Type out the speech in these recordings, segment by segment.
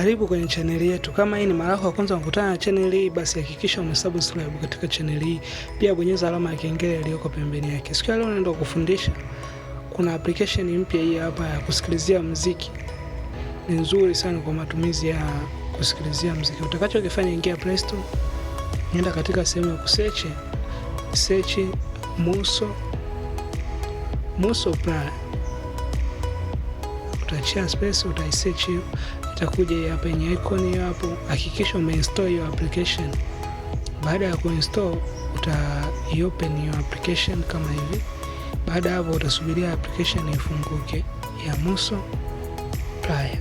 Karibu kwenye chaneli yetu. Kama hii ni mara yako ya kwanza kukutana na chaneli hii, basi hakikisha umesubscribe katika chaneli hii, pia bonyeza alama ya kengele iliyoko pembeni yake. Siku ya leo naenda kukufundisha, kuna application mpya hii hapa ya kusikilizia muziki, ni nzuri sana kwa matumizi ya kusikilizia muziki. Utakachokifanya, ingia Play Store, nenda katika sehemu ya kusearch search Muso Muso Play utachia space, utaisearch hiyo itakuja hapa yenye icon hiyo hapo. Hakikisha umeinstall hiyo application. Baada ya kuinstall uta open hiyo application kama hivi. Baada hapo utasubiria application ifunguke ya Muso Playa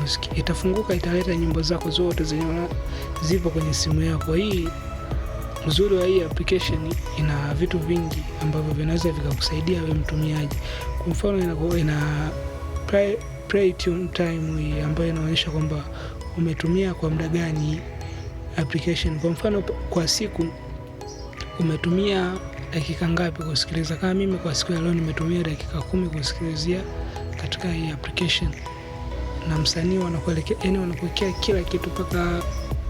Music. Itafunguka, italeta nyimbo zako zote zenye zipo kwenye simu yako hii. Uzuri wa hii application ina vitu vingi ambavyo vinaweza vikakusaidia wewe mtumiaji. Kwa mfano ina play tune time hii ambayo inaonyesha kwamba umetumia kwa muda gani application. Kwa mfano kwa siku umetumia dakika ngapi kusikiliza. Kama mimi kwa siku ya leo nimetumia dakika kumi kusikilizia katika hii application, na msanii wanakuelekea, yani wanakuwekea kila kitu mpaka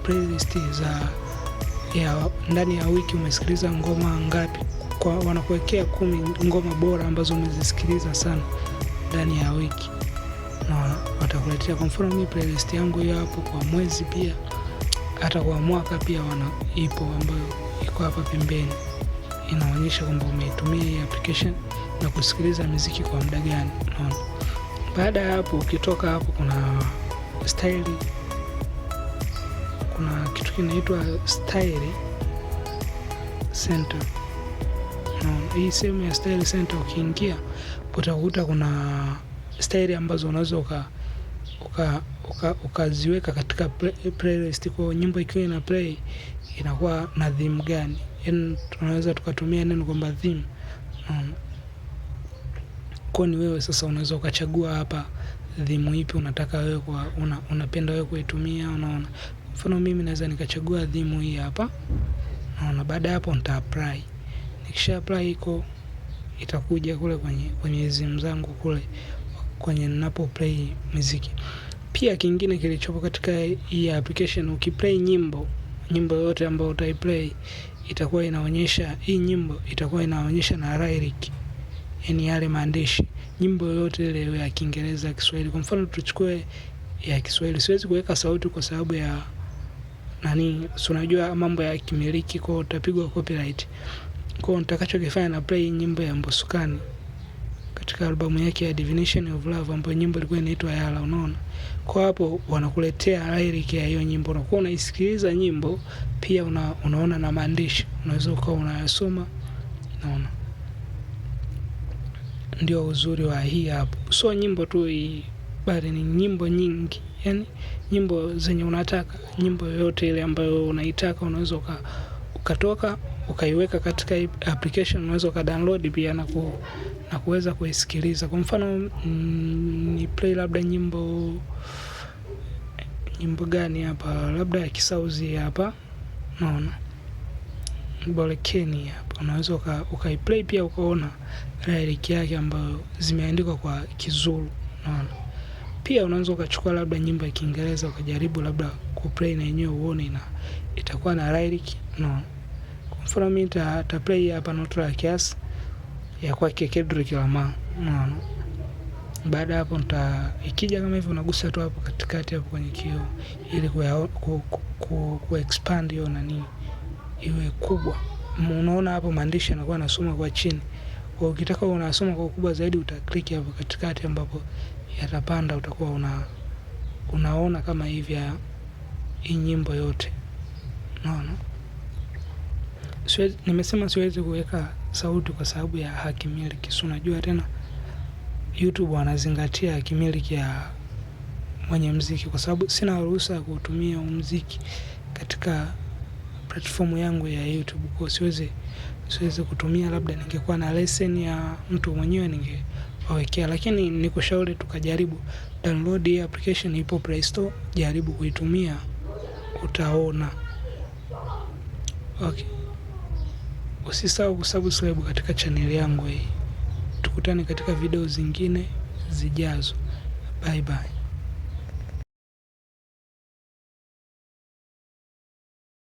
playlist za ya ndani ya wiki umesikiliza ngoma ngapi, kwa wanakuwekea kumi ngoma bora ambazo umezisikiliza sana ndani ya wiki na watakuletea. Kwa mfano mimi playlist yangu hiyo hapo kwa mwezi pia hata kwa mwaka pia wana ipo ambayo iko hapa pembeni, inaonyesha kwamba umeitumia hii application na kusikiliza muziki kwa muda gani. Unaona, baada ya hapo, ukitoka hapo kuna style, kuna kitu kinaitwa style center. Unaona, hii sehemu ya style center ukiingia utakuta kuna staili ambazo unaweza ukaziweka uka, uka katika playlist kwa nyimbo ikiwa ina play inakuwa na theme gani, Yani tunaweza tukatumia neno kwamba theme um, kwa ni wewe sasa unaweza ukachagua hapa theme ipi unataka wewe kwa una, unapenda wewe kuitumia. Unaona, mfano mimi naweza nikachagua theme hii hapa, naona baada ya hapo nita apply, nikisha apply iko itakuja kule kwenye kwenye zimu zangu kule kwenye napo play muziki. Pia kingine kilichopo katika hii application ukiplay nyimbo, nyimbo yote ambayo utaiplay itakuwa inaonyesha hii nyimbo itakuwa inaonyesha na lyric yani yale maandishi. Nyimbo yote ile ya Kiingereza, Kiswahili. Kwa mfano tuchukue ya Kiswahili. Siwezi kuweka sauti kwa sababu ya nani si unajua mambo ya kimiliki kwa utapigwa copyright. Kwa nitakachokifanya na play nyimbo ya Mbosukani katika albamu yake ya Divination of Love ambayo nyimbo ilikuwa inaitwa Yala, unaona. Kwa hapo wanakuletea lyric ya hiyo nyimbo, na kwa unaisikiliza nyimbo pia una, unaona na maandishi unaweza ukawa unayasoma, unaona. Ndio uzuri wa hii hapo, sio nyimbo tu hii, bali ni nyimbo nyingi, yani nyimbo zenye unataka, nyimbo yoyote ile ambayo unaitaka unaweza ukawa ukatoka ukaiweka katika application unaweza ukadownload pia na, ku, na kuweza kuisikiliza. Kwa mfano mm, ni play labda nyimbo nyimbo gani hapa, labda ya kisauzi hapa, naona Bolekeni hapa, unaweza ukaiplay uka pia ukaona lyric yake ambayo zimeandikwa kwa Kizulu, naona pia unaweza ukachukua labda nyimbo ya Kiingereza ukajaribu labda kuplay na yenyewe uone na itakuwa na lyric no. Kwa mfano mimi play hapa Notro ya Kiasi ya kwake Kendrick Lamar. no. Baada hapo nita ikija kama hivyo unagusa tu hapo katikati hapo kwenye kio ili kwa ku, ku, ku, ku expand hiyo nani iwe kubwa. Unaona hapo maandishi yanakuwa nasoma kwa chini. Kwa ukitaka unasoma kwa ukubwa zaidi uta click hapo katikati ambapo yatapanda, utakuwa una unaona kama hivi ya hii nyimbo yote unaona. Siwezi, nimesema siwezi kuweka sauti kwa sababu ya hakimiliki. Si unajua tena YouTube wanazingatia hakimiliki ya mwenye mziki, kwa sababu sina ruhusa ya kuutumia mziki katika platfomu yangu ya YouTube, kwa siwezi siwezi kutumia. Labda ningekuwa na leseni ya mtu mwenyewe ninge wawekea, lakini ni kushauri tukajaribu download hii application, ipo Play Store, jaribu kuitumia utaona. Okay. Usisahau kusubscribe katika chaneli yangu hii. Tukutane katika video zingine zijazo. Bye bye.